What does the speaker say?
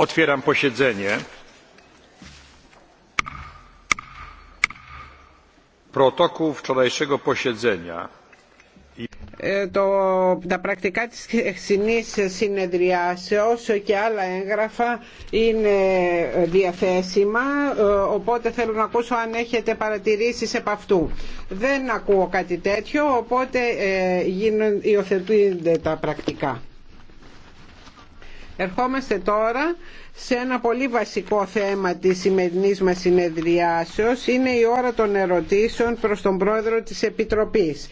Otwieram posiedzenie. Protokół wczorajszego posiedzenia. Ε, τα πρακτικά της χθεσινής συνεδριάσεως και άλλα έγγραφα είναι διαθέσιμα, ε, οπότε θέλω να ακούσω αν έχετε παρατηρήσεις επ' αυτού. Δεν ακούω κάτι τέτοιο, οπότε ε, υιοθετούνται τα πρακτικά. Ερχόμαστε τώρα σε ένα πολύ βασικό θέμα της σημερινής μας συνεδριάσεως. Είναι η ώρα των ερωτήσεων προς τον Πρόεδρο της Επιτροπής.